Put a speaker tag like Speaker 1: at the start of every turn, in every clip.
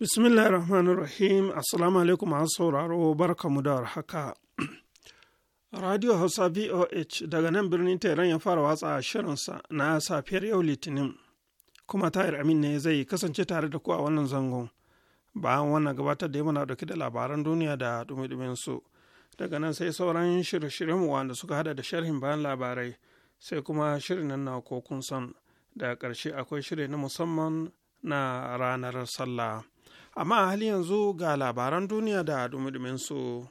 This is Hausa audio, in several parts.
Speaker 1: bismillahi rahmanir rahim assalamu alaikum masu sauraro barkamu da haka radio hausa voh daga nan birnin tairan ya fara watsa shirinsa na safiyar yau litinin kuma tayar amin ne zai kasance tare da ku a wannan zangon bayan wannan gabatar da muna dauke da labaran duniya da dumi su daga nan sai sauran shirye-shiryen wanda suka hada da sharhin bayan labarai sai kuma shirin nan na kokun son da karshe akwai shirye na musamman na ranar sallah amma hali yanzu ga labaran duniya da dumi su.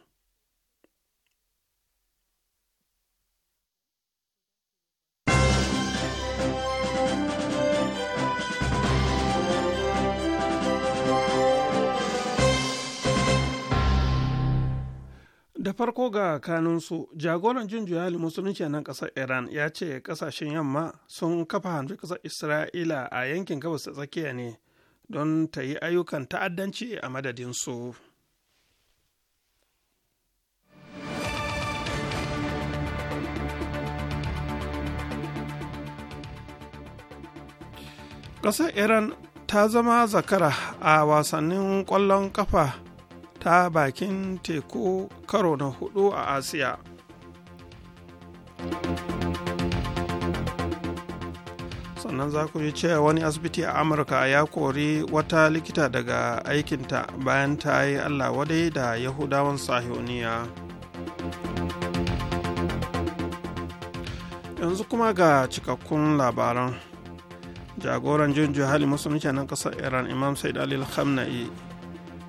Speaker 1: da farko ga kanunsu jagoran jin juyali musulunci nan kasar iran ya ce kasashen yamma sun kafa hanzu kasar isra'ila a yankin gabas ta tsakiya ne don ta yi ayyukan ta'addanci a madadinsu. ƙasar iran ta zama zakara a wasannin ƙwallon ƙafa ta bakin teku karo na hudu a asiya. nan za ku ji cewa wani asibiti a amurka ya kori wata likita daga aikinta bayan ta yi allah wadai da yahudawan sahiyoniya yanzu kuma ga cikakkun labaran jagoran junju hali musulunci na kasar iran imam said alil khamna'i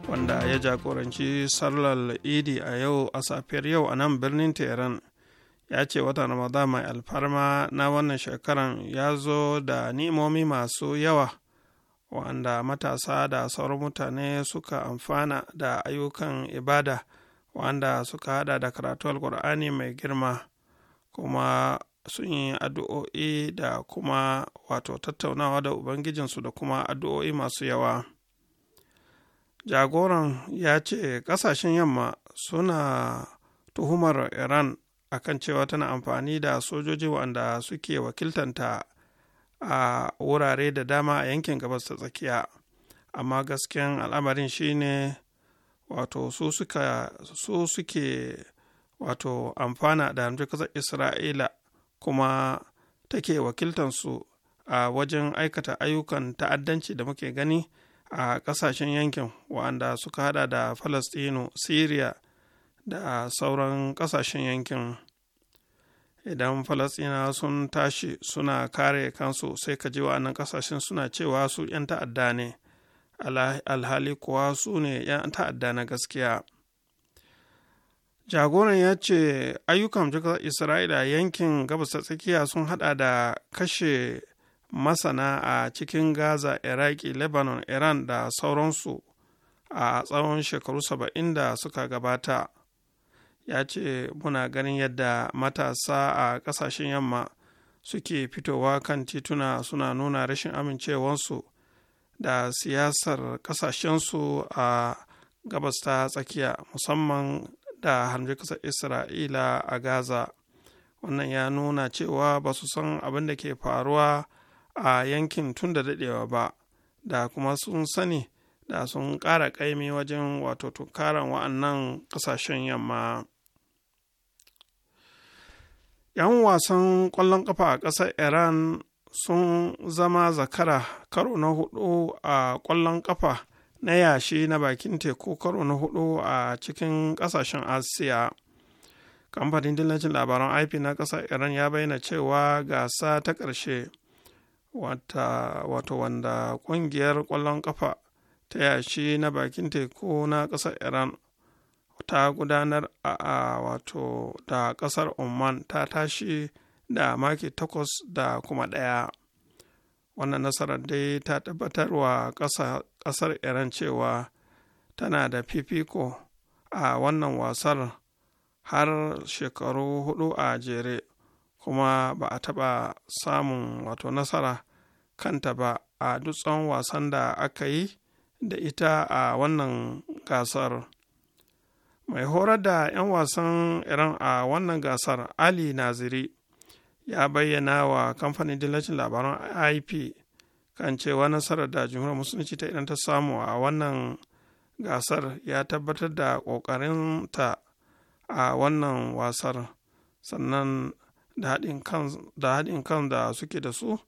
Speaker 1: wanda ya jagoranci sallar idi a yau a safiyar yau a nan birnin tehran ya ce watan ramadan mai alfarma na wannan shekaran ya zo da nimomi masu yawa wanda matasa da sauran mutane suka amfana da ayyukan ibada wanda suka hada da karatu alkur'ani mai girma kuma sun yi addu'o'i da kuma wato tattaunawa da ubangijinsu da kuma addu'o'i masu yawa jagoran ya ce kasashen yamma suna tuhumar iran akan cewa tana amfani da sojoji wanda suke wakiltanta a wurare da dama a yankin gabas ta tsakiya amma gasken al'amarin shine wato su suke wato amfana da hamdu kasar isra'ila kuma take wakiltansu a wajen aikata ayyukan ta'addanci da muke gani a ƙasashen yankin wa'anda suka hada da falastinu syria da sauran ƙasashen yankin idan falasina sun tashi suna kare kansu sai ka ji wa'annan ƙasashen suna cewa su 'yan ta'adda ne alhali kuwa su ne 'yan ta'adda na gaskiya jagoran ya ce ayyukan jikar isra'ila yankin gabas ta tsakiya sun hada da kashe masana a cikin gaza iraki lebanon iran da sauransu a tsawon shekaru saba'in da suka gabata ya ce muna ganin yadda matasa a ƙasashen yamma suke fitowa kan tituna suna nuna rashin amincewansu da siyasar ƙasashensu a gabas ta tsakiya musamman da harbe ƙasar isra'ila a gaza wannan ya nuna cewa ba su san abin da ke faruwa a yankin tun da daɗewa ba da kuma sun sani da sun ƙara ƙaimi wajen wato tunkaran wa'annan ƙasashen yamma. 'yan wasan ƙwallon ƙafa a ƙasar iran sun zama zakara karo na hudu a ƙwallon ƙafa na yashi na bakin teku karo na hudu a cikin ƙasashen asiya kamfanin dillacin labaran ip na ƙasar iran ya bayyana cewa gasa ta ƙarshe wato wanda ƙungiyar ƙwallon ƙafa ta yashi na bakin teku na ƙasar iran ta gudanar a wato da kasar oman ta tashi da maki takwas da kuma ɗaya wannan nasarar dai ta tabbatar wa ƙasar iran cewa tana da fifiko a wannan wasar har shekaru hudu a jere kuma ba a taɓa samun wato nasara kanta ba a dutsen wasan da aka yi da ita a wannan gasar mai horar da 'yan wasan iran a wannan gasar ali naziri ya bayyana wa kamfanin dillacin labaran ip kan cewa nasarar da jumhuriyar musulunci ta idan ta samu a wannan gasar ya tabbatar da ƙoƙarinta a wannan wasar sannan da haɗin kan da suke da su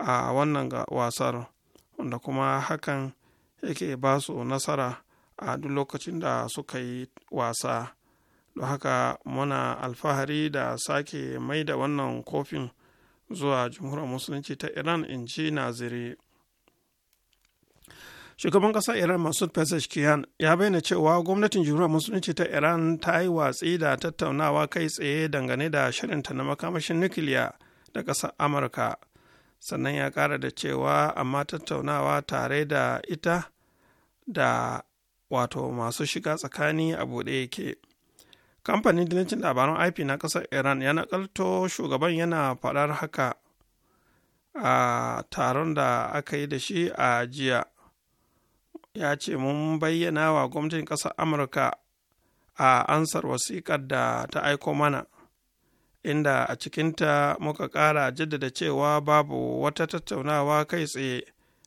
Speaker 1: a wannan wasar wanda kuma hakan yake ba su nasara a duk lokacin da suka yi wasa don haka muna alfahari da sake mai da wannan kofin zuwa jamhuriyar musulunci ta iran in ji naziri shugaban ƙasar iran masud pezeshkian ya bayyana cewa gwamnatin jamhuriyar musulunci ta iran ta yi watsi da tattaunawa kai tsaye dangane da shirinta na makamashin nukiliya da ƙasar amurka sannan ya kara da cewa amma tattaunawa tare da ita da wato masu shiga tsakani a buɗe yake kamfanin dinicin labaran ip na ƙasar iran ya nakalto shugaban yana faɗar haka a taron da aka yi da shi a jiya ya ce mun bayyana wa gwamnatin ƙasar amurka a ansar wasiƙar da ta aiko mana inda a cikinta muka ƙara jaddada cewa babu wata tattaunawa kai tsaye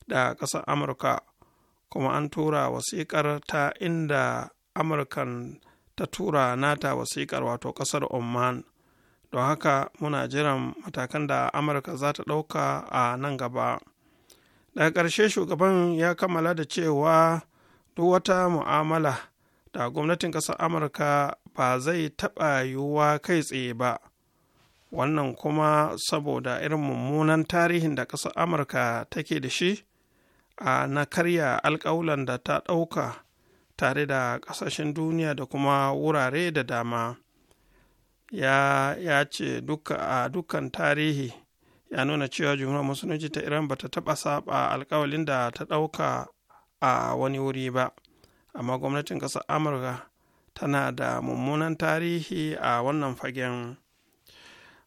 Speaker 1: da ƙasar amurka kuma an tura wasiƙar ta inda amurkan ta tura nata wasiƙar wato ƙasar oman don haka muna jiran matakan da amurka za ta ɗauka a nan gaba daga ƙarshe shugaban ya kammala da cewa duk wata mu'amala da gwamnatin ƙasar amurka ba zai taɓa yiwuwa kai tsaye ba wannan kuma saboda irin mummunan tarihin da ƙasar amurka take da shi a na karya alkawulan da ta ɗauka tare da ƙasashen duniya da kuma wurare da dama ya, ya ce duka a dukkan tarihi ya nuna cewa jumhuriyar musulunci ta iran ba ta taɓa saba alkawalin da ta ɗauka a wani wuri ba amma gwamnatin ƙasar amurka tana da mummunan tarihi a wannan fagen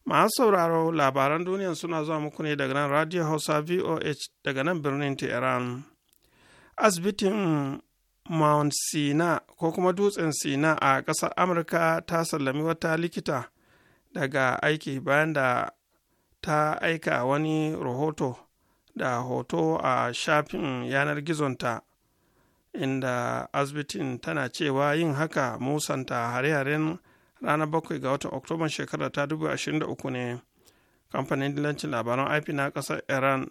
Speaker 1: masu sauraro labaran duniya suna zuwa muku ne daga nan radio hausa voh daga nan birnin tehran asibitin mount sina ko kuma dutsen sina a ƙasar amurka ta sallami wata likita daga aiki bayan da ta aika wani rahoto da hoto a shafin yanar gizonta inda asibitin tana cewa yin haka musanta hare-haren ranar bakwai ga watan oktoban shekara ta 2023 ne kamfanin dillancin labaran ip na kasar iran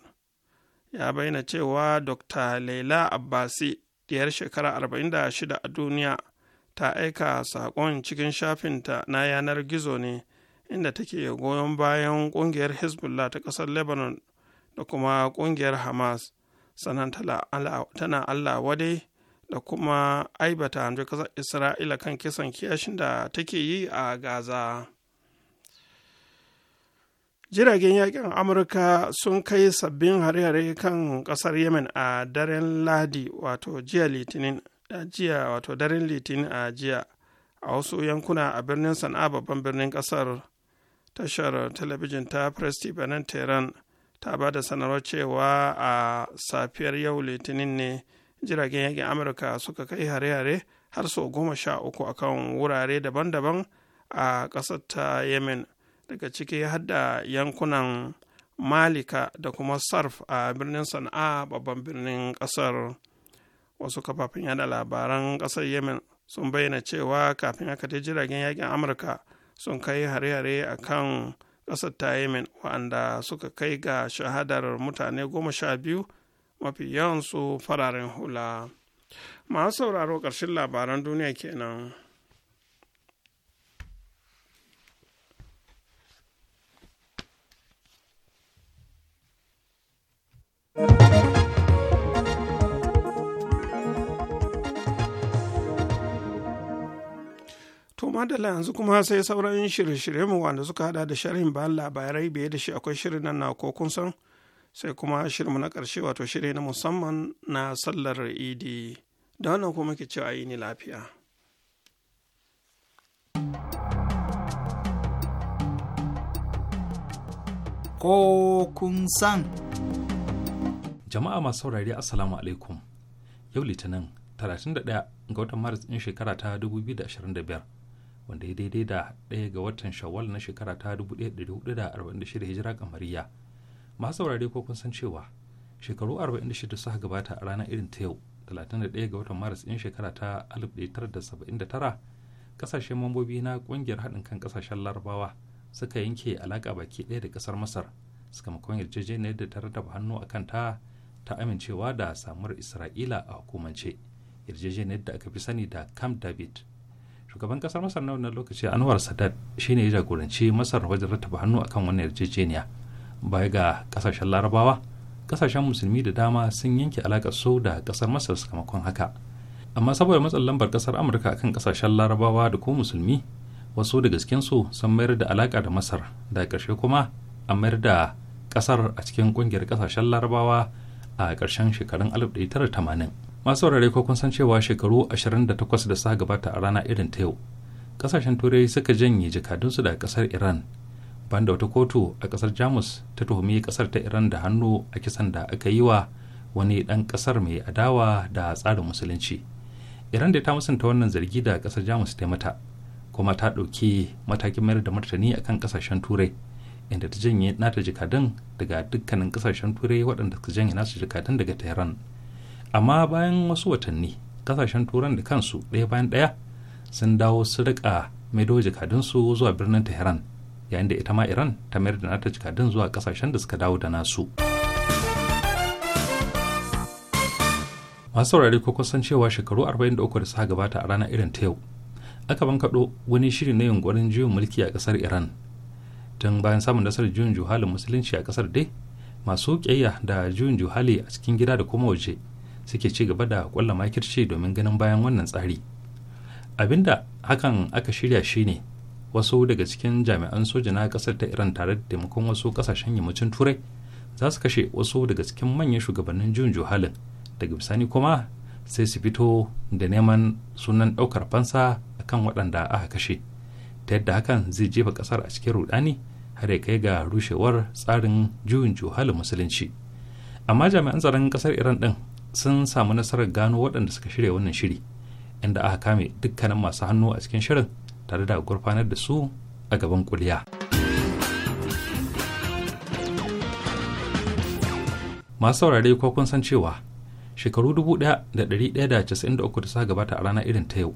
Speaker 1: ya bayyana cewa dr laila abbasi diyar shekara 46 a duniya ta aika saƙon cikin shafinta na yanar gizo ne inda take goyon bayan ƙungiyar hezbollah ta ƙasar lebanon da kuma ƙungiyar hamas sannan tana allah wadai da kuma aibata hanzu kasar isra'ila kan kisan kiyashin da take yi a gaza jiragen yakin amurka sun kai sabbin hare-hare kan kasar yemen a daren ladi wato jiya litinin a jiya wato daren litinin a jiya a wasu yankuna a birnin sana'a babban birnin kasar tashar talabijin ta presti benin tehran ta ba da sanarwar cewa a safiyar yau litinin ne jiragen yakin amurka suka kai hare-hare har sau goma sha uku a kan wurare daban-daban a ƙasar ta yemen daga ciki hadda yankunan malika da kuma sarf a birnin sana'a babban birnin ƙasar wasu kafafen yada labaran ƙasar yemen sun bayyana cewa kafin aka ta jiragen yakin amurka sun kai hare-hare a kan ƙasar ta yemen waɗanda suka kai ga shahadar mutane goma sha biyu mafi yawansu fararen hula masu sauraro ƙarshen labaran duniya kenan. To madalla yanzu kuma sai sauran shirye-shirye mu wanda suka hada da sharhin bayan labarai biye da shi akwai shirin nan na ko kun san sai kuma shirinmu na ƙarshe wato shirye na musamman na sallar idi da wannan kuma ke cewa yi ni lafiya
Speaker 2: ko kun san jama'a masu saurari assalamu alaikum yau litinin 31 ga watan maris ɗin shekara ta 2025 wanda ya daidai da ɗaya ga watan shawwal na shekara ta 1446 hijira kamariya masu saurare ko kun san cewa shekaru 46 suka gabata a ranar irin ta yau 31 ga watan maris ɗin shekara ta 1979 kasashen mambobi na ƙungiyar haɗin kan kasashen larabawa suka yanke alaƙa baki ɗaya da ƙasar masar suka sakamakon yarjejeniyar da ta rataba hannu a kan ta ta amincewa da samuwar isra'ila a hukumance yarjejeniyar da aka fi sani da camp david shugaban kasar masar na wannan lokaci anwar sadat shine ya jagoranci masar wajen rataba hannu akan wannan yarjejeniya baya ga kasashen larabawa kasashen musulmi da dama sun yanke alaƙar su da kasar masar sakamakon haka amma saboda matsalar lambar kasar amurka kan kasashen larabawa da ko musulmi wasu da su sun mayar da alaƙa da masar da ƙarshe kuma an mayar da kasar a cikin ƙungiyar kasashen larabawa a ƙarshen shekarun 1980 masu saurare ko kun san cewa shekaru 28 da sa gabata a rana irin ta yau kasashen turai suka janye jakadunsu daga kasar iran bayan da wata kotu a kasar jamus ta tuhumi kasar ta iran da hannu a kisan da aka yi wa wani ɗan kasar mai adawa da tsarin musulunci iran da ta musanta wannan zargi da kasar jamus ta mata kuma ta ɗauki matakin mayar da martani akan kasashen turai inda ta janye nata jikadin daga dukkanin kasashen turai waɗanda suka janye nasu jikadin daga tehran amma bayan wasu watanni kasashen turan da kansu ɗaya bayan ɗaya sun dawo su riƙa maido jikadunsu zuwa birnin tehran yayin da ita ma iran ta mayar da nata jikadun zuwa kasashen da suka dawo da nasu masu saurari ko kusan cewa shekaru 43 da suka gabata a rana irin ta yau aka bankaɗo wani shiri na yunkurin juyin mulki a ƙasar iran tun bayan samun nasar juyin juhalin musulunci a ƙasar dai masu ƙyayya da juyin juhali a cikin gida da kuma waje suke ci gaba da kwalla makirci domin ganin bayan wannan tsari abinda hakan aka shirya shine wasu daga cikin jami'an soja na kasar ta iran tare da taimakon wasu kasashen yammacin turai za su kashe wasu daga cikin manyan shugabannin juyin juhalin daga bisani kuma sai su fito da neman sunan ɗaukar fansa a kan waɗanda aka kashe ta yadda hakan zai jefa ƙasar a cikin rudani har ya kai ga rushewar tsarin juyin juhalin musulunci amma jami'an tsaron ƙasar iran ɗin sun samu nasarar gano waɗanda suka shirya wannan shiri inda aka kame dukkanin masu hannu a cikin shirin tare da gurfanar da su a gaban kuliya. masu saurari ko kun san cewa shekaru dubu 1193 da sa gabata a ranar irin ta yau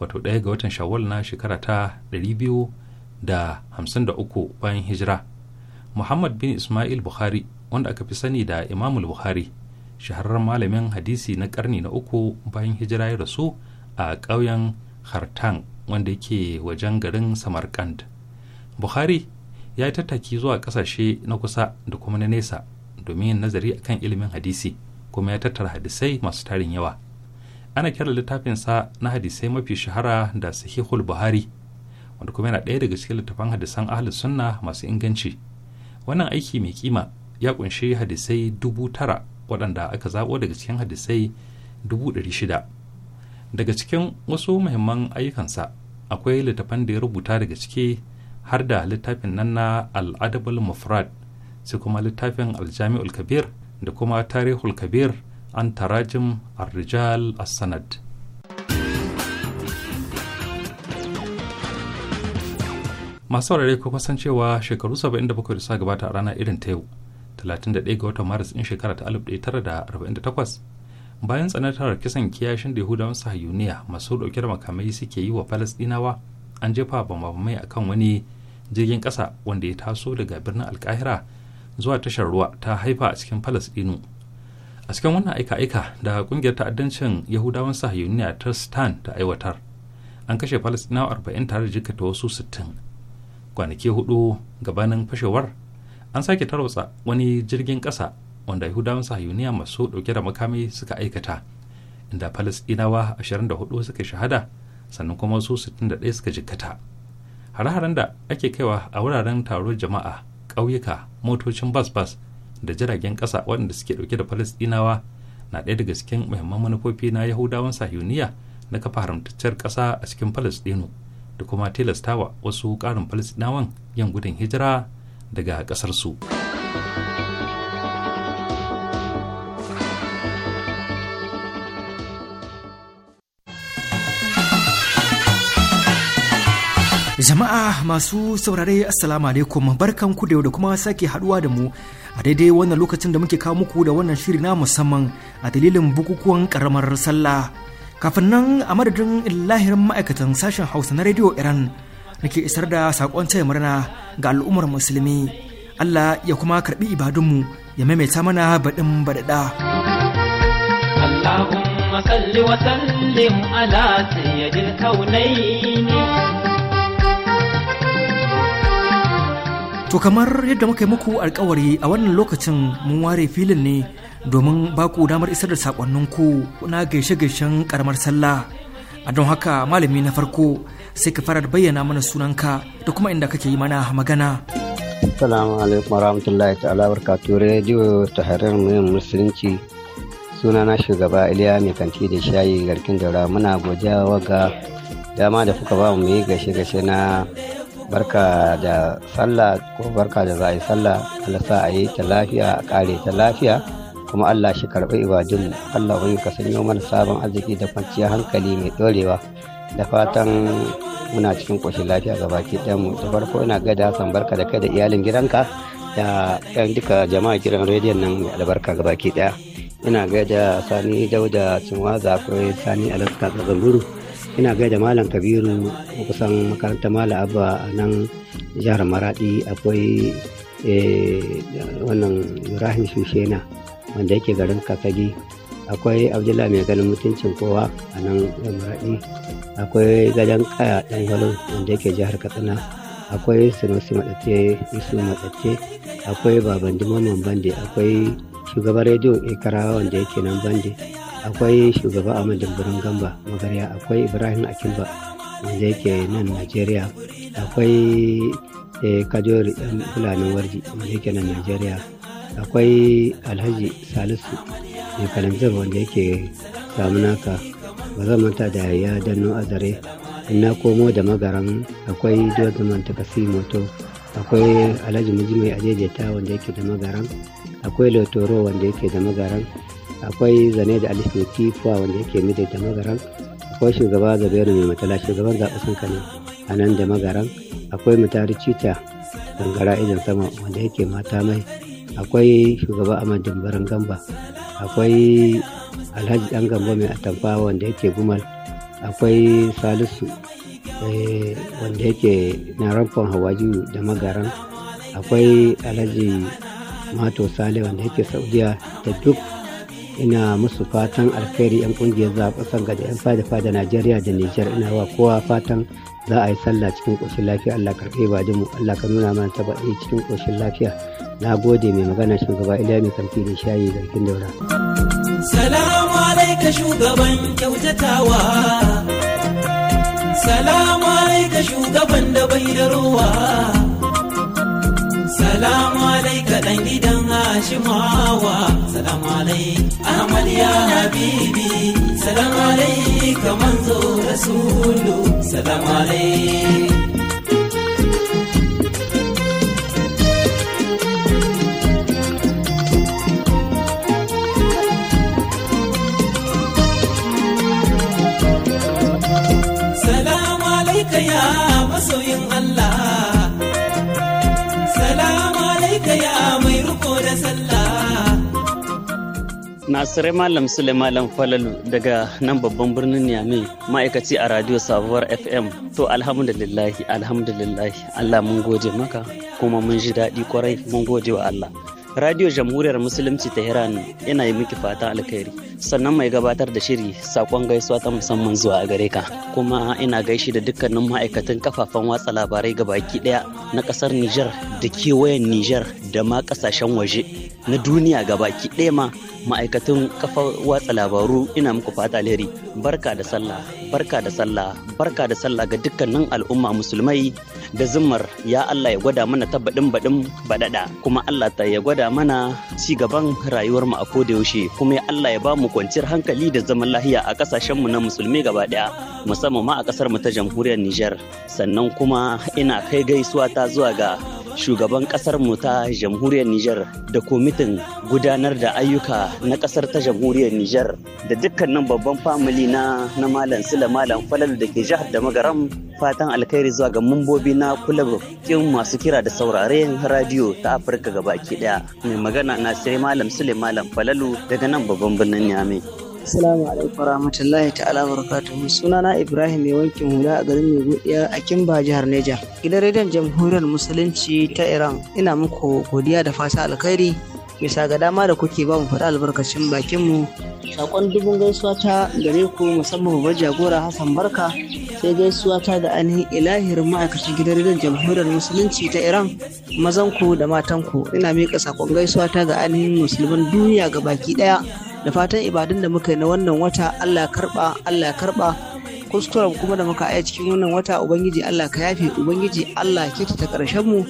Speaker 2: wato ɗaya ga watan shawwal na shekara ta 253 bayan hijira muhammad bin ismail bukhari wanda aka fi sani da imamul bukhari shahararren malamin hadisi na ƙarni na uku bayan hijira ya rasu a ƙauyen hartang wanda yake wajen garin samarkand buhari ya yi tattaki zuwa kasashe na kusa da kuma na nesa domin yin nazari akan ilimin hadisi kuma ya tattara hadisai masu tarin yawa ana kira littafinsa na hadisai mafi shahara da sahihul buhari wanda kuma yana ɗaya daga cikin littafan hadisan ahlus sunna masu inganci wannan aiki mai kima ya kunshi hadisai dubu tara waɗanda aka zaɓo daga cikin hadisai dubu ɗari shida daga cikin wasu muhimman ayyukansa akwai littafan da ya rubuta daga ciki har da littafin nan na al'adabul mufrad sai kuma littafin aljami'ul kabir da kuma tarihul kabir an tarajim arrijal as masu saurare ko kusan cewa shekaru 77 da suka gabata a rana irin ta yau 31 ga watan maris din shekara ta 1948 bayan tsanantar kisan kiyashin da yahudawan sahayuniya masu dauke da makamai suke yi wa falastinawa an jefa bambamai a kan wani jirgin kasa wanda ya taso daga birnin alkahira zuwa tashar ruwa ta haifa a cikin falasɗinu a cikin wannan aika-aika da kungiyar ta'addancin yahudawan sahayuniya ta stan ta aiwatar an kashe falastinawa arba'in tare da jikata wasu sittin kwanaki hudu gabanin fashewar an sake tarwatsa wani jirgin kasa wanda yahudawan sahiyuniya masu dauke da makami suka aikata inda falasdinawa 24 suka shahada sannan kuma su 61 suka jikkata hare-haren da ake kaiwa a wuraren taro jama'a ƙauyuka motocin bas-bas da jiragen ƙasa waɗanda suke dauke da falasɗinawa na ɗaya daga cikin muhimman manufofi na yahudawan sahiyuniya na kafa haramtacciyar ƙasa a cikin falasɗinu da kuma tilastawa wasu ƙarin falasɗinawan yan gudun hijira daga ƙasarsu. su
Speaker 3: Jama'a masu saurare Assalamu alaikum barkan ku da yau da kuma sake haduwa da mu a daidai wannan lokacin da muke kawo muku da wannan shiri na musamman a dalilin bukukuwan karamar sallah. Kafin nan a madadin lahirin ma'aikatan sashen Hausa na rediyo Iran nake isar da sakon taya murna ga al'ummar musulmi. Allah ya kuma karbi ibadunmu ya maimaita mana baɗin baɗaɗa.
Speaker 4: Allahumma salli wa sallim ala sayyidil kaunaini
Speaker 3: To kamar yadda muka yi muku alkawari a wannan lokacin mun ware filin ne domin baku damar isar da sakonninku na gaishe-gaishen karamar sallah. A don haka malami na farko sai ka fara bayyana mana sunanka da kuma inda kake yi mana magana.
Speaker 5: Assalamu alaikum ala ta'ala barkatu rediyo ta harar muyin musulunci sunana shugaba Iliya mai kanti da shayi garkin daura muna godiya waga dama da kuka ba mu yi gashe-gashe na barka da sallah ko barka da za a yi sallah Allah sa a yi ta lafiya a kare ta lafiya kuma Allah shi karɓi ibadun Allah wani ka sanyo mana sabon arziki da kwanciyar hankali mai ɗorewa da fatan muna cikin ƙoshin lafiya ga baki mu da farko ina gada san barka da kai da iyalin gidanka da yan duka jama'a gidan rediyon nan mai albarka ga baki ɗaya ina gaida sani dauda cinwaza akwai sani alaska zamburu ina gaida malam kabiru kusan makarantar malam abba a nan jihar maradi akwai eh, wannan ibrahim shushena wanda yake garin kakagi akwai abdullahi mai ganin mutuncin kowa a nan maradi akwai gadon kaya dan yalo wanda yake jihar katsina akwai sinosi matsatse isu matsatse akwai baban dimaman bande akwai shugaban Rediyo ikara wanda yake nan bande akwai shugaba ahmad dambarin gamba magarya akwai ibrahim akimba wanda yake nan najeriya akwai eh, kajori yan eh, fulanin warji wanda yake nan najeriya akwai alhaji salisu mai kalanzar wanda yake samunaka ba zan manta da ya danno azare na komo da magaran akwai dozman kasi moto akwai alhaji miji a ajejeta wanda yake da magaran akwai lotoro wanda yake da magaran akwai zane da alif tifuwa wanda yake mida da magaran akwai shugaba zabairu mai matala shugaban zaɓen kano a nan da magaran akwai mutari cita gangara idan sama wanda yake mata mai akwai shugaba a dimbaran gamba akwai alhaji dan gamba mai atamfa wanda yake gumal akwai salisu eh, wanda yake na ramfon hawaji da magaran akwai alhaji mato sale wanda yake saudiya da duk ina musu fatan alkhairi 'yan kungiyar za a kusan da 'yan fada-fada najeriya da nijar ina wa kowa fatan za a yi sallah cikin ƙoshin lafiya allah karɓe ba mu allah ka nuna mana taba cikin ƙoshin lafiya na gode mai magana shugaba iliya mai kamfi da shayi garkin daura.
Speaker 4: salamu alaika shugaban kyautatawa salamu alaika shugaban da bai da ruwa salamu alaika ɗan gidan hashimawa salamu alaik ahmad ya habibi salamu alaika manzo rasulu salamu alaik
Speaker 6: Nasirai Malam Malam Falalu daga nan babban birnin Niamey ma'aikaci a Radio Sabuwar FM. To alhamdulillahi alhamdulillahi Allah mun gode maka kuma mun ji daɗi kwarai mun gode wa Allah. Radio Jamhuriyar Musulunci Tehran yana yi miki fata alkhairi. Sannan mai gabatar da shiri sakon gaisuwa ta musamman zuwa a gare ka. Kuma ina gaishe da dukkanin ma'aikatan kafafen watsa labarai baki daya na kasar Nijar da kewayen Nijar da ma kasashen waje na duniya ga baki daya ma ma'aikatan kafa watsa labaru ina muku fata alheri. Barka da sallah, barka da sallah, barka da sallah ga dukkanin al'umma musulmai da zimmar ya Allah ya gwada mana ta baɗin baɗin baɗaɗa kuma Allah ta ya gwada mana ci gaban rayuwar mu a koda yaushe kuma ya Allah ya ba mu kwanciyar hankali da zaman lahiya a kasashen mu na musulmi gaba ɗaya musamman ma a kasar mu ta jamhuriyar Nijar sannan kuma ina kai gaisuwa ta zuwa ga shugaban kasar mu ta jamhuriyar Nijar da komitin gudanar da ayyuka na kasar ta jamhuriyar Nijar da dukkanin babban famili na na Malam Sula Malam Falal da ke jihar da Magaram fatan alkhairi zuwa ga mambobi na kulab masu kira da sauraren radio ta Afirka gabaki daya mai magana na sai Malam Sule Malam Falalu daga nan babban birnin Niamey
Speaker 7: Assalamu alaikum warahmatullahi ta'ala barakatuhu. Sunana Ibrahim mai wankin hula a garin mai a Kimba jihar Neja. Gidan rediyon Jamhuriyar Musulunci ta Iran ina muku godiya da fata alkhairi bisa ga dama da kuke ba mu faɗa albarkacin bakin mu sakon dubun gaisuwa ta gare ku musamman babban jagora Hassan Barka sai gaisuwa ta da ainihin ilahir ma'aikacin gidan rediyon jamhuriyar musulunci ta Iran mazan ku da matan ku ina miƙa sakon gaisuwa ta ga ainihin musulman duniya ga baki ɗaya da fatan ibadun da muka yi na wannan wata Allah karba Allah karba kuskuren kuma da muka aya cikin wannan wata ubangiji Allah ka yafe ubangiji Allah ya ta karshen mu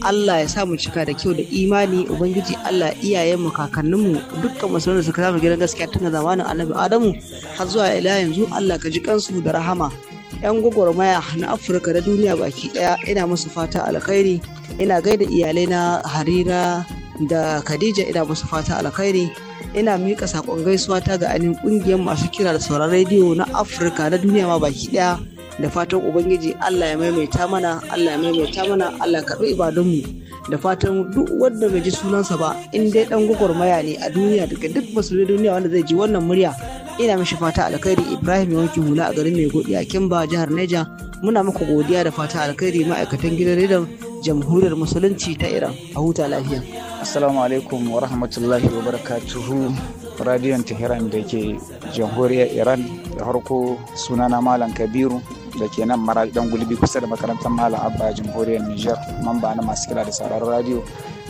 Speaker 7: Allah ya sa mu cika da kyau da imani ubangiji Allah iyayen mu kakannin mu dukkan masu da suka samu gidan gaskiya tun zamanin Annabi Adamu har zuwa ila yanzu Allah ka ji kansu da rahama yan gwagwarmaya na Afirka da duniya baki daya ina musu fata alkhairi ina gaida iyalai na Harira da Khadija ina musu fata alkhairi ina mika sakon gaisuwa ta ga anin kungiyar masu kira da sauran rediyo na afirka na duniya ma baki daya da fatan ubangiji allah ya maimaita mana allah ya maimaita mana allah karɓi ibadunmu da fatan duk wanda bai ji sunansa ba in dai dan gwagwarmaya ne a duniya daga duk musulmi duniya wanda zai ji wannan murya ina mishi fata alkhairi ibrahim yawancin hula a garin mai godiya kimba jihar neja muna muku godiya da fata alkhairi ma'aikatan gidan rediyon jamhuriyar musulunci ta iran a huta lafiya
Speaker 8: assalamu alaikum wa rahmatullahi wa barakatuhu radiyon tehran da ke jamhuriyar iran da harko sunana malam kabiru da ke nan mara dan gulbi kusa da makarantar malam abba jamhuriyar niger mamba na masu kira da sauraron radio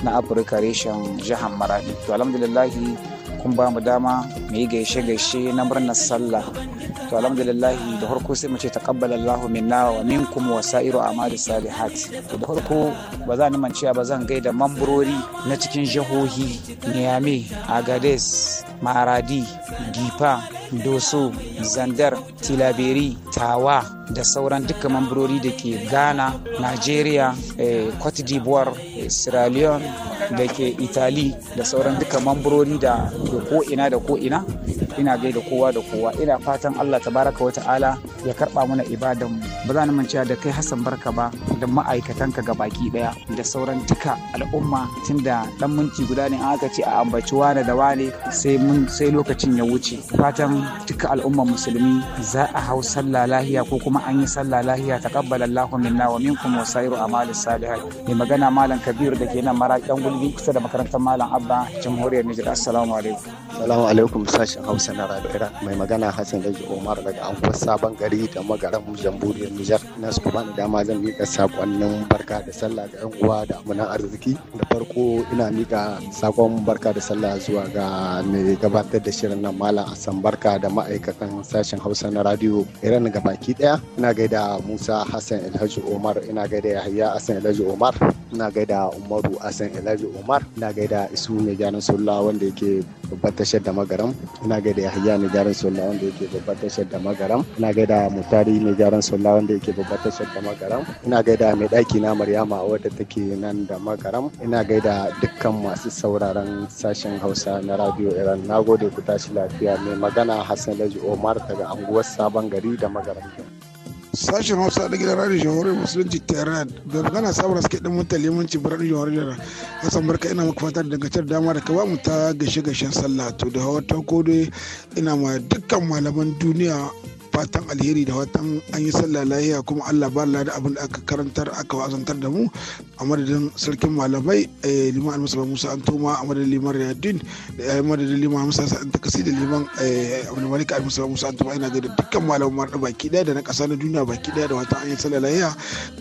Speaker 8: na afirka reshen jihar maradi to alhamdulillahi kun ba mu dama mu yi gaishe-gaishe na murnar sallah to alhamdulillah da farko sai mu ce taqabbal Allahu minna wa minkum wa sa'iru amali salihat to da farko ba za ni mance ba zan gaida mamburori na cikin jihohi Niamey Agadez, Maradi Gifa Doso Zandar Tilaberi Tawa da sauran duka mambrori da ke Ghana Nigeria eh, Cote d'Ivoire eh, Sierra Leone da ke Italy da sauran duka mambrori da ko ina da ko ina ina gaida kowa da kowa ina fatan Allah tabaraka wa ta'ala ya karba mana ibadan mu ba za manciya da kai Hassan Barka ba da ma'aikatanka ga baki daya da sauran duka al'umma tunda dan minti guda ne aka ce a ambaci wane da wane sai mun sai lokacin ya wuce fatan duka al'umma musulmi za a hau sallah lahiya ko kuma an yi sallah lahiya taqabbal Allahu minna wa minkum wa sairu amali salihat mai magana malam Kabir da ke nan maraƙin gulbi kusa da makarantar malam Abba jamhuriyar Nijar assalamu
Speaker 9: alaikum assalamu alaikum sashen Hausa Hassan Rabi'ira mai magana Hassan da Omar daga anguwar Sabon Gari da magaran Jamhuriyar Nijar. Na su kuma dama zan mika sakonnin barka da sallah ga yan uwa da amina arziki. Da farko ina mika sakon barka da sallah zuwa ga mai gabatar da shirin nan Malam Hassan Barka da ma'aikatan sashen Hausa na radio Iran gabaki daya. Ina gaida Musa Hassan Alhaji Omar, ina gaida Yahaya Hassan Alhaji Omar, ina gaida Umaru Hassan Alhaji Omar, ina gaida Isu Mai Gyaran Sulla wanda yake babbar tashar da magaran ina gaida da yahaya mai gyaran sola wanda yake babbar tashar da magaram ina gaida mutari mai gyaran sola wanda yake babbar tashar da magaram ina gaida mai ɗaki na maryama wadda take nan da magaram ina gaida dukkan masu sauraron sashen hausa na radio iran na gode ku tashi lafiya mai magana hassan laji omar daga anguwar sabon gari da
Speaker 10: magaram
Speaker 11: sashen hausa da gidan rajin shahararren musulunci tehran da magana samun suke dan mutane limanci birnin jamhuriyar hassan barka ina maka fatar dangantar dama da ka ta gashe gashen sallah to da hawa ta kodai ina ma dukkan malaman duniya fatan alheri da watan an yi sallah lahiya kuma Allah ba da abin da aka karantar aka wazantar da mu a madadin sarkin malamai eh, liman almasa musa an toma a madadin liman riyadin da eh, madadin liman musa an takasi da liman eh, abdulmalik almasa musa an toma ina gaida dukkan mara da baki daya da na kasa na duniya baki daya da watan an yi sallah lahiya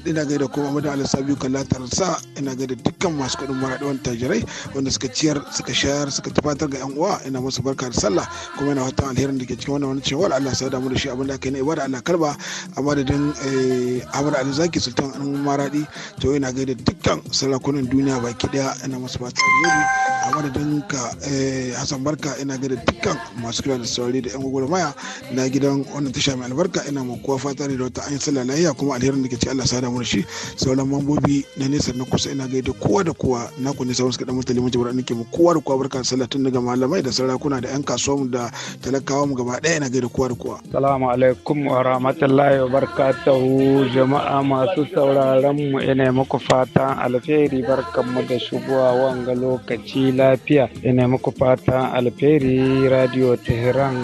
Speaker 11: ina gaida kuma madadin alisabi kan latarsa ina gaida dukkan masu kuɗin da wani tajirai wanda suka ciyar suka shayar suka tafatar ga yan uwa ina musu barka da sallah kuma ina fatan alherin da ke cikin wannan wani cewa Allah sa da mu da shi abin da aka yi na ibada Allah karba a madadin eh, abin da Zaki Sultan an maradi to ina gaida dukkan sarakunan duniya baki daya ina masu fata alheri a madadin ka eh, Hassan Barka ina gaida dukkan masu kira da saurari da yan maya na gidan wannan tasha mai albarka ina mu kowa fata da wata an sallah lafiya kuma alherin da ke ce Allah sada murshi shi sauran mambobi na nesa na kusa ina gaida kowa da kowa na ku sauran suka dan mutane mun jibran nake mu kowa da kowa barka da sallah tun daga malamai da sarakuna da yan kasuwa mu da talakawa mu gaba daya ina gaida kowa da kowa
Speaker 12: alaikum wa rahmatullahi wa barkatahu jama'a masu sauraron mu ina muku fatan alheri barkanmu da shigowa wanga lokaci lafiya ina muku fatan alheri radio Tehran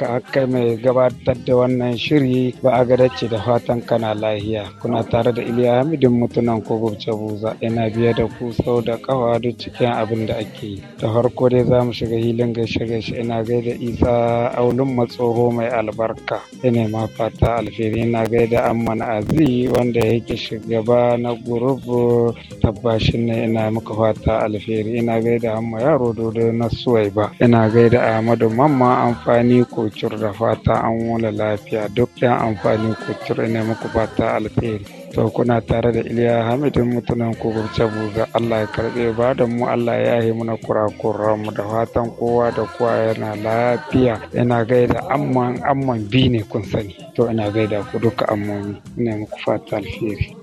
Speaker 12: ka kai mai gabatar da wannan shiri ba a gadace da fatan kana lahiya kuna tare da Iliya Hamidin mutunan ko buza ina biya da ku sau da kawa duk cikin abin da ake yi da farko dai za mu shiga hilin gaishe gaishe ina gaida Isa aulun matsoro mai albarka haka. Ina ma fata alfiri na gaida Amman Azi wanda yake shugaba na gurubu tabbashin ne ina muka fata alfiri ina gaida Amma yaro dodo na suwai ba. Ina gaida Ahmadu Mamma amfani kucur da fata an wula lafiya duk yan amfani kucur ina muku fata alfiri. to kuna tare da iliya hamidin mutunan kogar buga allah ya karbe ba da mu allah ya yi muna kurakuran mu da fatan kowa da kowa yana lafiya yana gaida amman amman bi ne kun sani to ina gaida ku duka amman ne muku fata alheri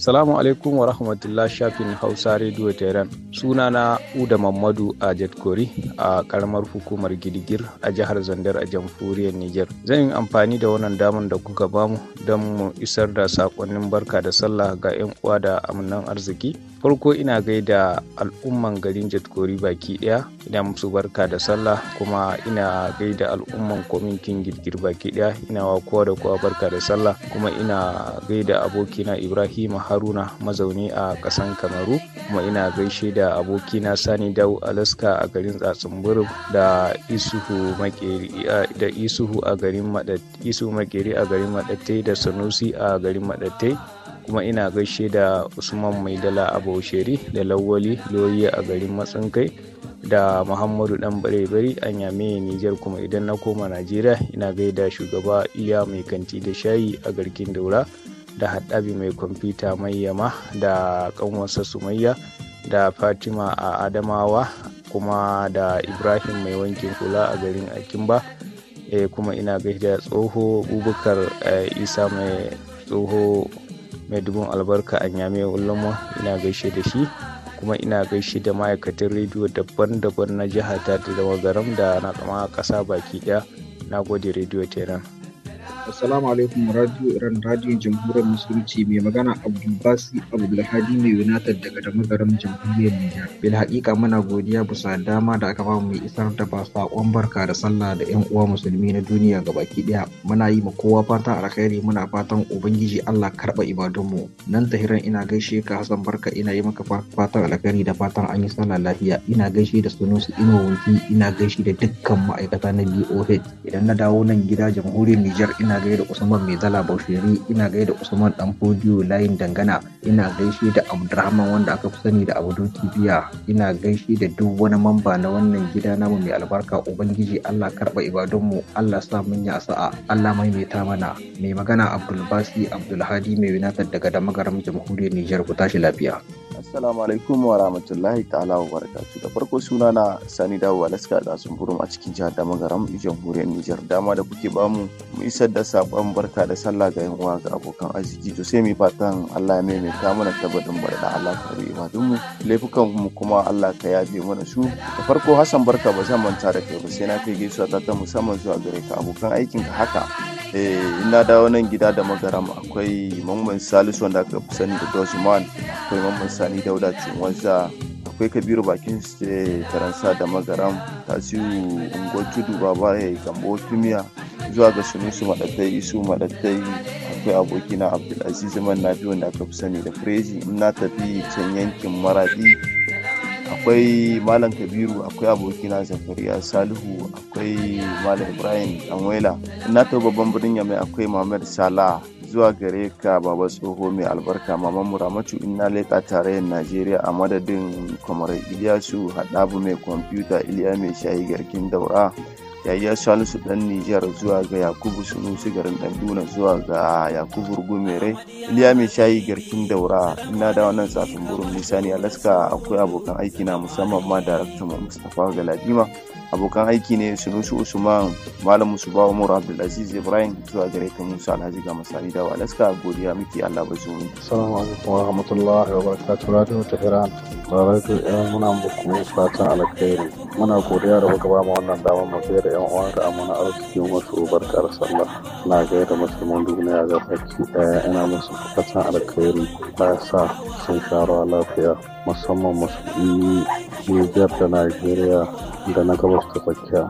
Speaker 9: Salamu alaikum wa rahmatullah shafin Hausa Radio Tehran. Suna na Uda Mamadu a Kori a karamar hukumar Gidigir a jihar Zandar a jamhuriyar Niger. Zan yi amfani da wannan damar da kuka bamu don mu isar da sakonnin barka da sallah ga 'yan uwa da amnan arziki. farko ina gaida al'umman garin jatkori baki daya ina musu barka da sallah kuma ina gaida al'umman kwaminkin girgir baki daya ina wa kowa da kowa barka da sallah kuma ina gaida abokina ibrahim haruna mazauni a kasan kamaru kuma ina gaishe da abokina sani dau alaska a garin tsatsunburu da isuhu makeri a garin makeri a garin madatte da sanusi a garin madatte kuma ina gaishe da usman mai dala a bausheri da lawali loyi a garin matsin kai da muhammadu dan bare bari an yame nijar kuma idan na koma najeriya ina gaida shugaba iya mai kanti da shayi a garkin daura da haɗabi mai kwamfuta mai yama da ƙanwarsa sumayya da fatima a adamawa kuma da ibrahim mai wankin kula a garin akimba eh, kuma ina gaida tsoho bubukar eh, isa mai tsoho mai dubin albarka a nyame ulama ina gaishe da shi kuma ina gaishe da ma'aikatan rediyo daban-daban na jihata da garam da na kama ƙasa baki ɗaya na gode rediyo tenan.
Speaker 2: Assalamu
Speaker 11: alaikum radio Iran radio jamhuriyar musulunci mai magana Abdulbasi Abdulhadi mai
Speaker 3: United daga da magarin
Speaker 4: jamhuriyar Nijar.
Speaker 3: Bil haƙiƙa muna godiya bisa dama da aka bamu mai isar da ba saƙon barka da sallah da ƴan uwa musulmi na duniya gabaki ɗaya. Muna yi ma kowa fatan alkhairi muna fatan ubangiji Allah karɓa ibadunmu. Nan tahiran ina gaishe ka Hassan Barka ina yi maka fatan alkhairi da fatan an yi sallah lafiya. Ina gaishe da sunusu ina wanki ina gaishe da dukkan ma'aikata na BOH. Idan na dawo nan gida jamhuriyar Nijar ina ina da Usman Mai Zala Baushiri, ina gaida Usman Dan Fodiyo Layin Dangana, ina gaishe da Abdurrahman wanda aka fi sani da Abu Biya, ina gaishe da duk wani mamba na wannan gida namu mai albarka Ubangiji Allah karɓa ibadunmu, Allah sa mun yi sa'a, Allah maimaita mana. Mai magana Abdulbasi Abdulhadi mai United daga damagaram jamhuriyar Nijar ku tashi lafiya.
Speaker 13: Assalamu alaikum wa rahmatullahi ta'ala wa barakatu. Da farko suna na Sani Dawo Alaska da sun burum a cikin jihar Damagaram jamhuriyar Nijar. Dama da kuke bamu mu isar da sabon barka da sallah ga yan uwa ga abokan arziki to sai mu fatan Allah ya ta mana tabbatin bar da Allah ka bi ibadun mu. Laifukan mu kuma Allah ka yafe mana su. Da farko Hassan barka ba zan manta da kai ba sai na kai gaisuwa ta ta musamman zuwa gare ka abokan aikin ka haka. Eh ina dawo nan gida da magaram akwai Mamman Salisu wanda aka fi sani da Dosman akwai Mamman Salisu sani dauda cinwanza akwai kabiru bakin faransa da magaram tasiru unguwar tudu baba ya eh, gambo tumiya zuwa ga sunusu madatai isu madatai akwai abokina abdulaziz man na biyu wanda aka fi sani da firiji, in na tafi can yankin maradi akwai malam kabiru akwai abokina zakariya salihu akwai malam ibrahim anwela na ta babban birnin yamai akwai mohamed salah zuwa gare ka baba tsoho mai albarka maman muramatu ina leƙa tarayyar najeriya a madadin kwamar iliyasu haɗabu mai kwamfuta iliya mai shayi garkin daura ya yi salisu dan nijar zuwa ga yakubu sunu garin ɗanduna zuwa ga yakubu rugumere iliya mai shayi garkin daura ina da wannan tsafin burin nisani alaska akwai abokan aiki na musamman ma darakta mustapha galadima abokan aiki ne sunusu usman malam musuba umar abdulaziz ibrahim zuwa gare ka musa alhaji ga masani da walaska godiya miki allah ba zuwa
Speaker 14: salamu alaikum wa rahmatullahi wa barakatu
Speaker 15: radio tehran
Speaker 13: tare da yan muna muku fatan alkhairi muna godiya da
Speaker 6: kuka bamu wannan damar mu fiye da yan uwa da amana arziki wasu barkar sallah na gaya da musulman duniya ga baki ɗaya, ina musu fatan alkhairi ba sa sun sharuwa lafiya musamman musulmi Nijar da Najeriya da na gabas
Speaker 9: ta tsakiya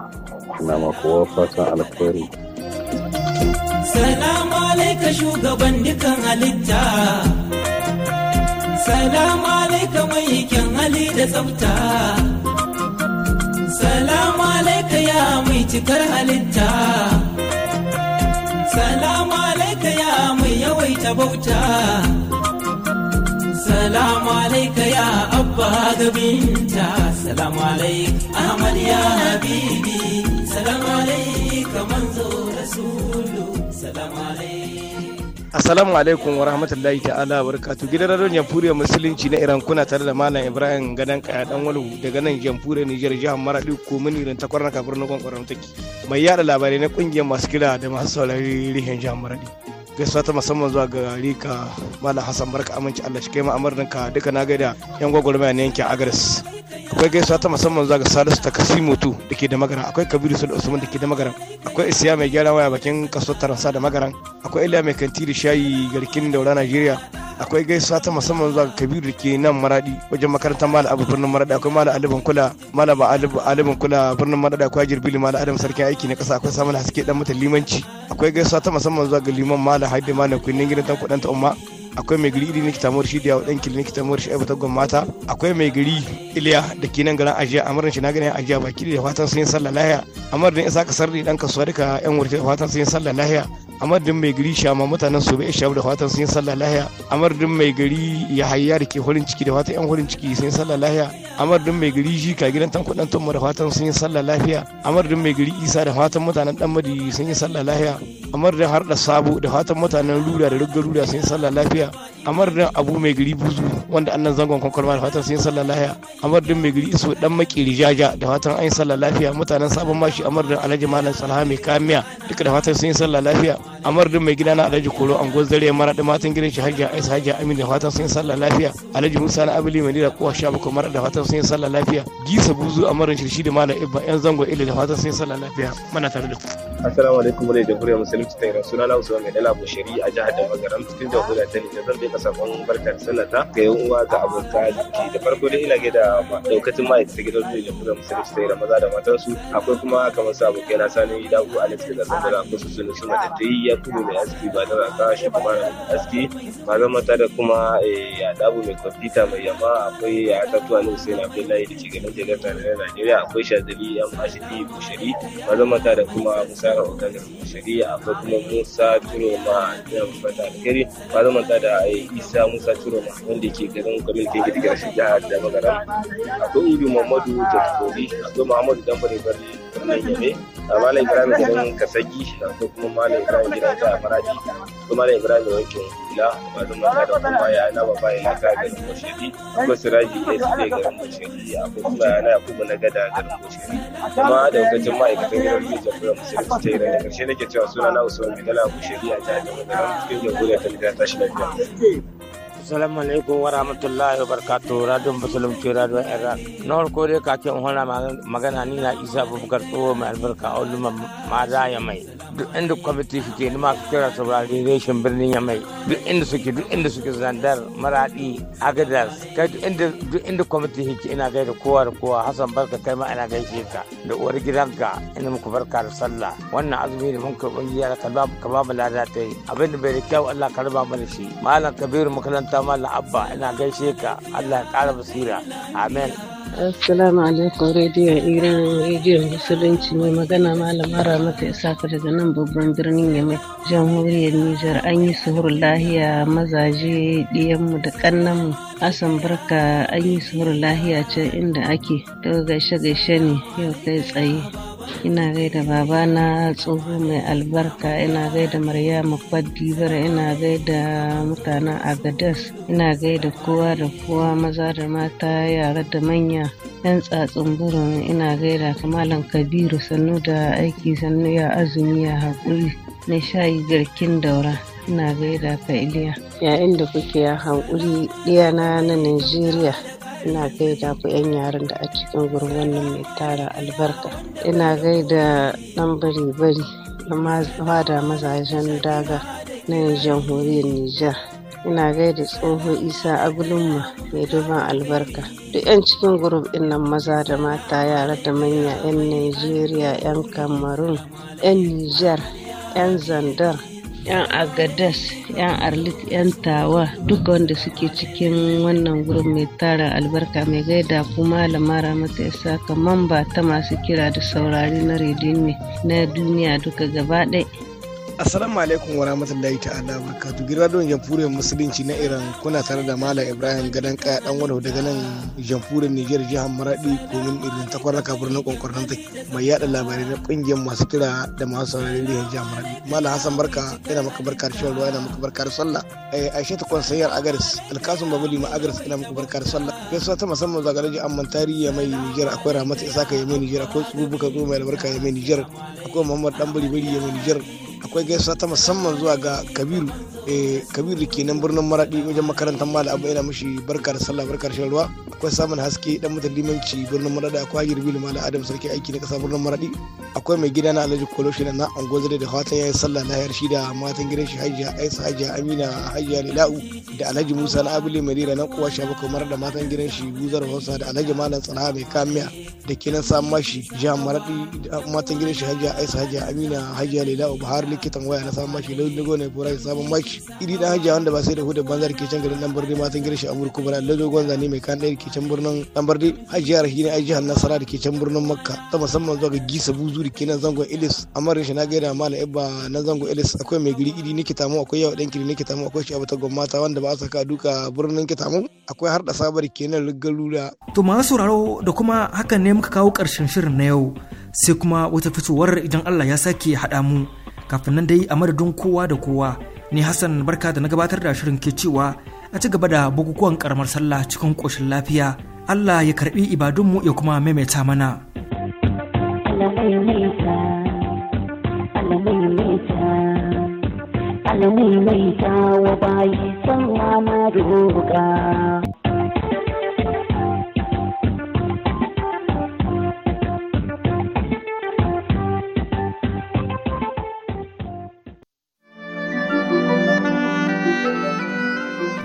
Speaker 9: na makowa fatan alkhairi.
Speaker 6: Salamu
Speaker 4: alaika shugaban dukan halitta. Salamu alaika mai hali da tsafta. Salamu alaika ya mai cikar halitta. Salamu alaika ya mai yawaita bauta. salamu alaika ya abba ga سلام salamu alaik يا حبيبي habibi salamu alaika manzo سلام salamu
Speaker 16: Assalamu alaikum wa rahmatullahi ta'ala wa barakatu. Gidan radon Jamhuriyar Musulunci na Iran kuna tare da Malam Ibrahim Gadan Kaya Dan Walu daga nan Jamhuriyar Nijar jihar Maradi komin Iran takwar na kafin na kwankwaron take. Mai yada labarai na kungiyar masu kira da masu saurari rihin jihar Maradi. gaisuwa ta musamman zuwa ga rika malam hasan barka aminci allah shi kai ma ka duka na gaida yan gwagwarmaya na yankin agres akwai gaisuwa ta musamman zuwa ga salisu ta mutu da ke da magaran akwai kabiru sul usman da ke da magaran akwai isiya mai gyara waya bakin kaso taransa da magaran akwai iliya mai da shayi garkin daura najeriya akwai gaisuwa ta musamman zuwa kabiru ke nan maradi wajen makarantar mala abu birnin maradi akwai mala alibin kula mala ba alibin kula birnin maradi akwai jirbili mala adam sarkin aiki na kasa akwai samun haske dan mutan limanci akwai gaisuwa ta musamman zuwa ga liman mala haidai mala kunnin gidan kudanta umma akwai mai gari iri likita murshi da yawon ɗanki likita murshi shi aibata mata akwai mai gari iliya da ke nan garin ajiya amarin shi na ganin ajiya baki da fatan sun yi sallah lahiya amar din isa kasar ne dan kasuwa duka yan wurfi da fatan sun yi sallah lahiya amar din mai gari shama mutanen su bai shabu da fatan sun yi sallah lahiya amar din mai gari ya hayya da ke horin ciki da fatan yan horin ciki sun yi sallah lahiya amar din mai gari ji ka gidan tanku dan tumma da fatan sun yi sallah lafiya amar din mai gari isa da fatan mutanen dan madi sun yi sallah lahiya amar din har da sabo da fatan mutanen ruda da rugga ruda sun yi sallah lafiya lahiya amar da abu mai gari buzu wanda annan zangon kwakwalwa da fatan sun yi sallah lahiya amar din mai gari iso dan makeri jaja da fatan an yi sallah lafiya mutanen sabon mashi amar da alhaji malam salha mai kamiya duka da fatan sun yi sallah lafiya amar da mai gidana alhaji koro angon zare mara da matan gidan shi hajja aisa hajja amin da fatan sun yi sallah lafiya alhaji musa na abili mai da kowa shabu kamar da fatan sun yi sallah lafiya gisa buzu amarin shirshi da malam ibba yan zango ile da fatan sun yi sallah lafiya mana tare da ku
Speaker 10: assalamu alaikum wa rahmatullahi wa barakatuh sunana usman mai dala bushiri a jihar da magaram cikin da ta da zan daika sakon barkar sallah ta ga yan uwa ga da farko dai ina gaida daukacin ma'aikata gidan da jamhuriyar musulunci ta da maza da matansu akwai kuma kamar sa abokai na sani da ku alex daga sandara akwai su sunu suna da ta yi ya mai aski ba da raka shi kuma aski da kuma ya eh, dabu mai kwamfuta mai yamma akwai ya tatuwa ne sai na fi layi da ke ganin tarayyar najeriya akwai shazali yan ashidi bushari da kuma musa rahoton bushari akwai kuma musa fata alkari da isa musa turoma wanda ke garin kwamitin gidigashi jihar da magaram
Speaker 4: akwai udu muhammadu da akwai
Speaker 10: mamadu dan bari mai a malam ibrahim gidan kasagi ko kuma malam ibrahim gidan ta faraji ko malam ibrahim wankin kula ba zan manta da kuma ya na baba ya na garin
Speaker 4: koshiri
Speaker 17: ko siraji ya su ne garin
Speaker 10: koshiri ya ko kuma ya na kuma na gada garin koshiri
Speaker 4: kuma
Speaker 17: da lokacin ma'aikatan gidan biyu
Speaker 10: jamhuriyar musulunci ta iran da karshe nake cewa suna na usman bidala koshiri a jihar da magaran cikin jamhuriyar ta ta shi lafiya assalamu alaikum wa rahmatullahi wa
Speaker 9: barakatu radio musulun ke radio iraq na farko dai kakin hona magana ni na isa abubakar tsoho mai albarka a ma maza ya mai duk inda kwamiti suke ni masu kira saurari reshen birnin ya mai duk inda suke duk inda suke zandar maradi agadas kai duk inda duk inda kwamiti suke ina da kowa da kowa hassan barka kai ma ina shi ka da uwar gidanka ina muku barka da sallah wannan azumi da mun karɓi jiya ka ba mu lada ta yi abinda bai da kyau allah ka raba mana shi malam kabiru makaranta gaskiya abba ina gaishe ka allah ya kara basira amen
Speaker 18: Assalamu alaikum rediyon Iran rediyon Musulunci mai magana malama Ramata Isaka daga nan babban birnin Yamai jamhuriyar Nijar an yi suhurin lahiya mazaje diyanmu da kannanmu asan barka an yi suhurin lahiya can inda ake daga gaishe gaishe ne yau kai tsaye ina gaida babana tsoho mai albarka ina gaida maryamu kwadibar ina gaida mutanen agadas ina gaida kowa da kowa maza da mata yara da manya yan tsatsun burin ina gaida kamalan kabiru sannu da aiki sannu ya azumi ya haƙuri na shayi garkin daura ina gaida ka iliya yayin da kuke haƙuri ɗiyana na najeriya ina gaida ku 'yan yaran da a cikin gurin wannan mai tara albarka ina gaida dan bari bari na da mazajen daga na jamhuriyar nijar ina gaida tsoho isa a agulumma mai duban albarka duk 'yan cikin gurub din nan maza da mata yara da manya 'yan nigeria 'yan Kamarun, 'yan nijar 'yan zandar 'yan agadas 'yan arlit 'yan tawa duk wanda suke cikin wannan gurin mai tara albarka mai gaida kuma lamara mata ya saka mamba ta masu kira da saurari na rediyon na duniya duka gaba ɗaya
Speaker 16: Assalamu alaikum wa rahmatullahi ta'ala barakatuh. Gidan don jamhuriyar musulunci na Iran kuna tare da Malam Ibrahim Gadan Kaya dan wani daga nan jamhuriyar Niger jihar Maradi komin Irin ta kwarraka birnin konkordon ta mai yada labarai na kungiyar masu kira da masu sauraron rihar jihar Maradi. Malam Hassan barka ina maka barkar da shan ruwa ina maka barkar sallah. Eh Aisha ta konsayar Agaris Alkasum Babuli ma Agaris ina maka barkar sallah. sallah. sa ta musamman ji amman tarihi mai Niger akwai Ramatu Isa ya mai Niger akwai Tsubuka Goma da barka ya mai akwai Muhammad Dambari Bari ya mai akwai gaisuwa ta musamman zuwa ga kabiru eh, kabiru kenan birnin maraɗi wajen makarantar mala abu yana mushi barkar sallah barkar da shan ruwa akwai samun haske dan mutan limanci birnin maraɗi akwai hagir bilu mala adam sarki aiki na ƙasa birnin maraɗi akwai mai gida na alhaji kolo shi na angozare da fatan yi sallah lahiyar shi da matan gidan shi hajjiya aisa hajiya amina hajiya lila'u da alhaji musa na abule marira na kuwa sha bakwai mara da matan gidan shi buzar hausa da alhaji malam tsana mai kamiya da kenan samun mashi jihar maraɗi da matan gidan shi hajiya aisa hajiya amina hajiya lila'u buhari likitan waya na samun mashi lalo dogo ne fura sabon mashi. idi dan hajiya wanda ba sai da hudu banzar ke can garin dan birni matan girshi a burku bana lagos dogon zane mai kan ɗaya ke can birnin dan birni hajiya ne ai jihar nasara da ke can birnin makka ta musamman zuwa ga gisa buzu da ke nan zangon ilis amma rashin na gaida mala ibba na zangon ilis akwai mai giri idi ni kitamu akwai yawa ɗan kiri ni kitamu akwai shi abata gwamnata wanda ba a saka duka birnin kitamu akwai har da sabar ke nan lugalula.
Speaker 3: to masu sauraro da kuma hakan ne muka kawo ƙarshen shirin na yau sai kuma wata fitowar idan Allah ya sake haɗa mu kafin nan dai a madadin kowa da kowa ni Hassan barka da na gabatar da shirin ke cewa a ci gaba da bukukuwan karamar sallah cikin ƙoshin lafiya Allah ya karbi ibadunmu ya kuma maimaita mana.
Speaker 6: Allah mai ta wa bayi sallama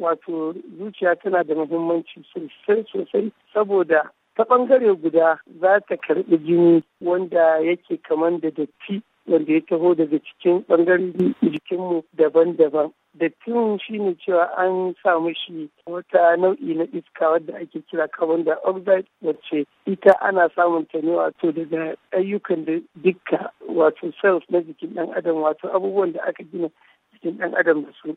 Speaker 14: wato zuciya tana da muhimmanci sosai sosai saboda ta ɓangare guda za ta karɓi jini wanda yake kamar da datti wanda ya taho daga cikin ɓangare jikinmu daban-daban dattin shi ne cewa an samu shi wata nau'i na iska wadda ake kira da dioxide wacce ita ana samun ta ne wato daga ayyukan da dukka wato cells na jikin ɗan adam wato abubuwan da aka gina jikin ɗan adam da su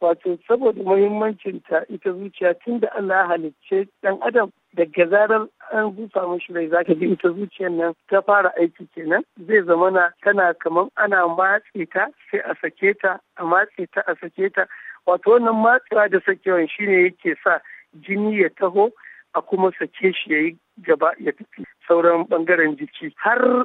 Speaker 14: wato saboda muhimmancin ta ita zuciya tun da Allah ya halicce dan adam daga zarar an busa mashi rai zaka ji ita zuciyar nan ta fara aiki kenan zai zama na tana kamar ana matse ta sai a sake ta a matse ta a sake ta wato wannan matsewa da sakewan shine yake sa jini ya taho a kuma sake shi yayi gaba ya tafi sauran bangaren jiki har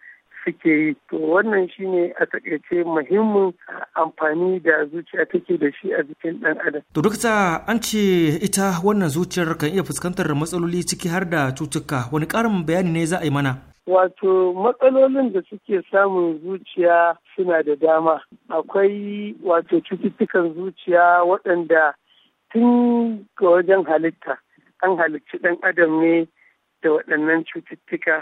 Speaker 14: suke yi to wannan shine a takaice muhimmin amfani da zuciya take da shi a jikin ɗan adam
Speaker 3: to duk an ce ita wannan zuciyar kan iya fuskantar matsaloli ciki har da cutuka wani ƙarin bayani ne za a yi mana
Speaker 14: Wato matsalolin da suke samun zuciya suna da dama. Akwai wato cututtukan zuciya waɗanda tun ga wajen halitta an halicci ɗan adam ne da waɗannan cututtuka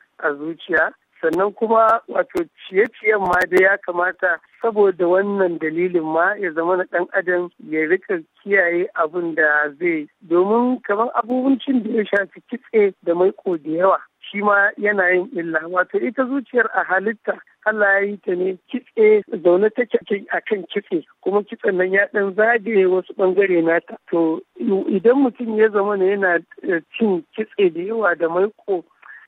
Speaker 14: a zuciya sannan kuma wato ciye-ciyen ma da ya kamata saboda wannan dalilin ma ya zama na ɗan adam ya rika kiyaye abin da zai domin kamar cin da ya shafi kitse da maiko da yawa shi ma yana yin illa wato ita zuciyar a halitta Allah ya yi ta ne kitse zaune ta take a kan kitse kuma kitsen nan ya ɗan zagaye wasu ɓangare nata to idan mutum ya zama yana cin kitse da yawa da maiko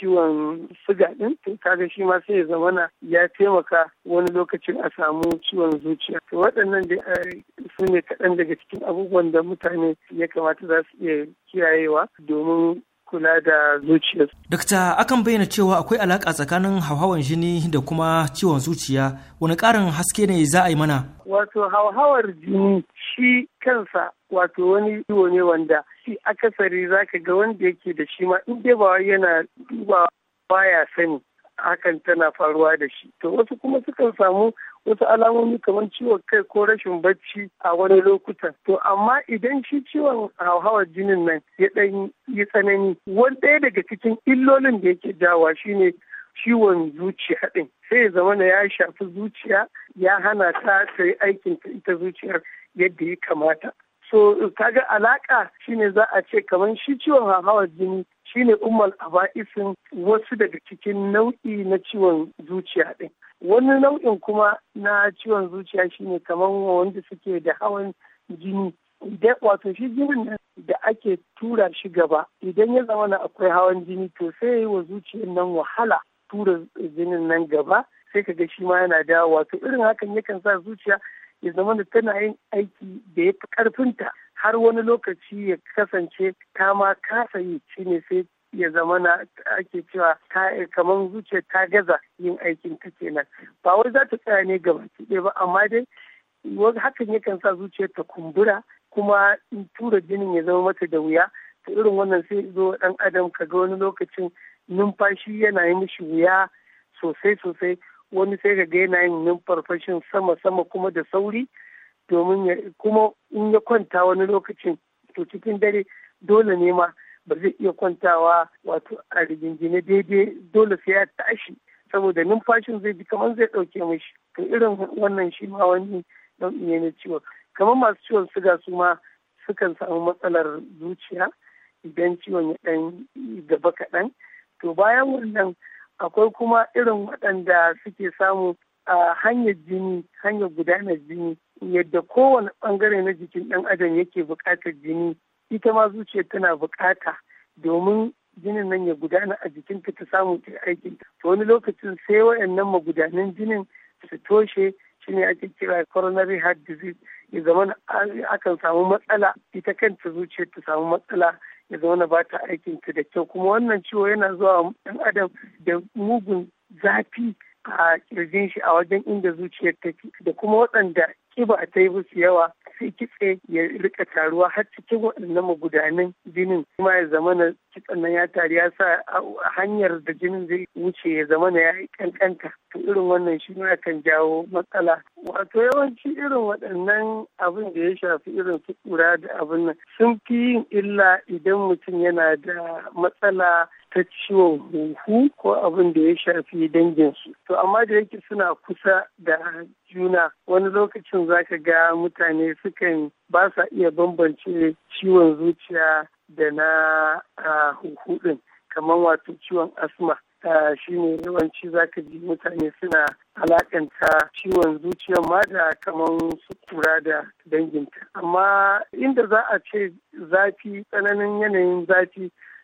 Speaker 14: ciwon suga din to kaga shi ma sai ya zamana ya taimaka wani lokacin a samu ciwon zuciya to waɗannan da eh, su ne kaɗan daga cikin abubuwan da mutane ya kamata za su iya kiyayewa domin kula da zuciya.
Speaker 3: Dokta akan bayyana cewa akwai alaƙa tsakanin hauhawar jini da kuma ciwon zuciya wani ƙarin haske ne za a yi mana.
Speaker 14: Wato hauhawar jini shi kansa wato wani ciwo ne wanda shi akasari ka ga wanda yake da shi ma in dai ba yana dubawa baya sani hakan tana faruwa da shi to wasu kuma sukan samu wasu alamomi kamar ciwon kai ko rashin bacci a wani lokuta To amma idan shi ciwon hauhawar jinin nan ya ɗan yi tsanani, wani ɗaya daga cikin illolin da yake jawa shine ciwon zuciya ɗin. Sai ya zama ya shafi zuciya ya hana ta ta yi aikin ta ita zuciyar yadda ya kamata. So kaga alaƙa shine za a ce kamar shi ciwon hauhawar jini shine umar aba'isin wasu daga cikin nau'i na ciwon zuciya ɗin. wani nau'in kuma na ciwon zuciya shine kamar wanda suke da hawan jini idan wato shi jinin da ake tura shi gaba idan ya zama akwai hawan jini to sai yi wa zuciyar nan wahala tura jinin nan gaba sai ka ga shi ma yana dawo wato irin hakan yakan sa zuciya ya zama da tana yin aiki da ya fi karfinta har wani lokaci ya kasance ta ma kasa yi shine sai ya zama na ake cewa ta kamar zuciya ta gaza yin aikin ta kenan ba wai za ta tsaya ne baki ɗaya ba amma dai hakan yakan sa zuciya ta kumbura kuma in tura jinin ya zama mata da wuya ta irin wannan sai zo ɗan adam ka ga wani lokacin numfashi yana yi mishi wuya sosai sosai wani sai ka ga yana yin numfarfashin sama sama kuma da sauri domin kuma in ya kwanta wani lokacin to cikin dare dole ne ma ba zai iya kwantawa wato a rigingine daidai dole sai ya tashi saboda numfashin zai bi kamar zai dauke mishi to irin wannan shi ma wani nau'i ne na ciwon kamar masu ciwon suga su ma sukan samu matsalar zuciya idan ciwon ya dan gaba kaɗan to bayan wannan akwai kuma irin waɗanda suke samu a hanyar jini hanyar gudanar jini yadda kowane ɓangare na jikin ɗan adam yake bukatar jini ita ma zuciyar tana bukata domin jinin nan ya gudana a jikinta ta samu ta aikin to wani lokacin sai wayannan magudanan jinin su toshe shine ake kira coronary heart disease ya zama akan samu matsala ita kanta zuciyar ta samu matsala ya zama ba ta aikin ta da kyau kuma wannan ciwo yana zuwa ɗan adam da mugun zafi a kirjin shi a wajen inda zuciyar take da kuma waɗanda kiba ta yi musu yawa sai kitse ya rika taruwa har cikin waɗannan magudanan jinin kuma ya zamana kitsen nan ya taru ya sa hanyar da jinin zai wuce ya zamana ya kankanta to irin wannan shi ne kan jawo matsala wato yawanci irin waɗannan abin da ya shafi irin su kura da abin nan sun fi yin illa idan mutum yana da matsala ta ciwon huhu ko abin da ya shafi danginsu. To amma da yake suna kusa da juna wani lokacin za ka ga mutane sukan ba sa iya bambance ciwon zuciya da na huhu ɗin kamar wato ciwon asma. shi ne yawanci za ka ji mutane suna alakanta ciwon zuciya ma da kamar su kura da danginta amma inda za a ce zafi tsananin yanayin zafi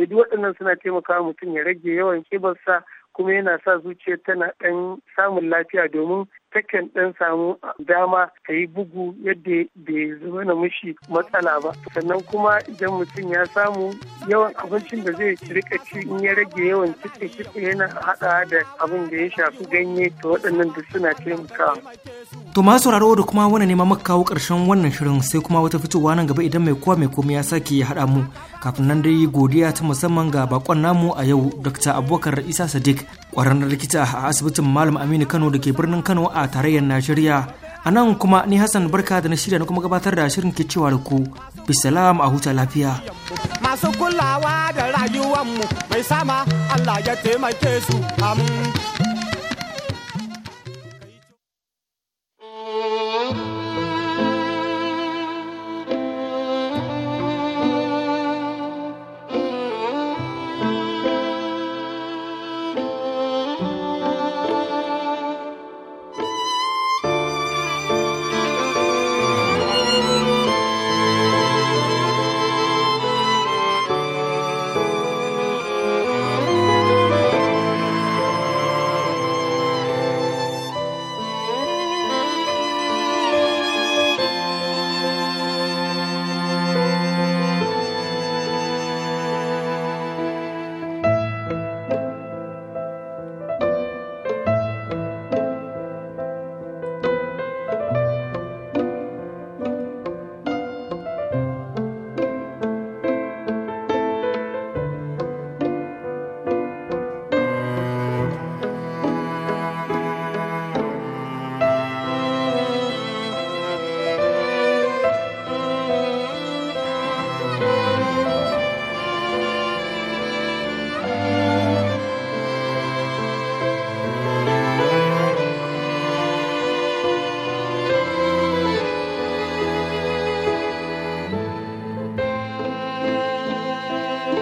Speaker 14: sai duk waɗannan suna taimaka mutum ya rage yawan kibarsa kuma yana sa zuciya tana ɗan samun lafiya domin takan ɗan samu dama ka yi bugu yadda bai zama na mushi matsala ba sannan kuma idan mutum ya samu yawan abincin da zai rika ci in ya rage yawan kitse kitse yana haɗa da abin da ya shafi ganye to waɗannan duk suna taimakawa.
Speaker 3: to masu sauraro da kuma wani neman maka kawo ƙarshen wannan shirin sai kuma wata fitowa nan gaba idan mai kowa mai komai ya sake ya haɗa mu kafin nan dai godiya ta musamman ga bakon namu a yau dr abubakar isa sadiq ƙwararren likita a asibitin malam aminu kano da ke birnin kano a tarayyar najeriya a nan kuma ni hassan barka da na shirya na kuma gabatar da shirin ke cewa da ku bisalam a huta lafiya
Speaker 17: masu kulawa da rayuwanmu mai sama allah ya taimake su amin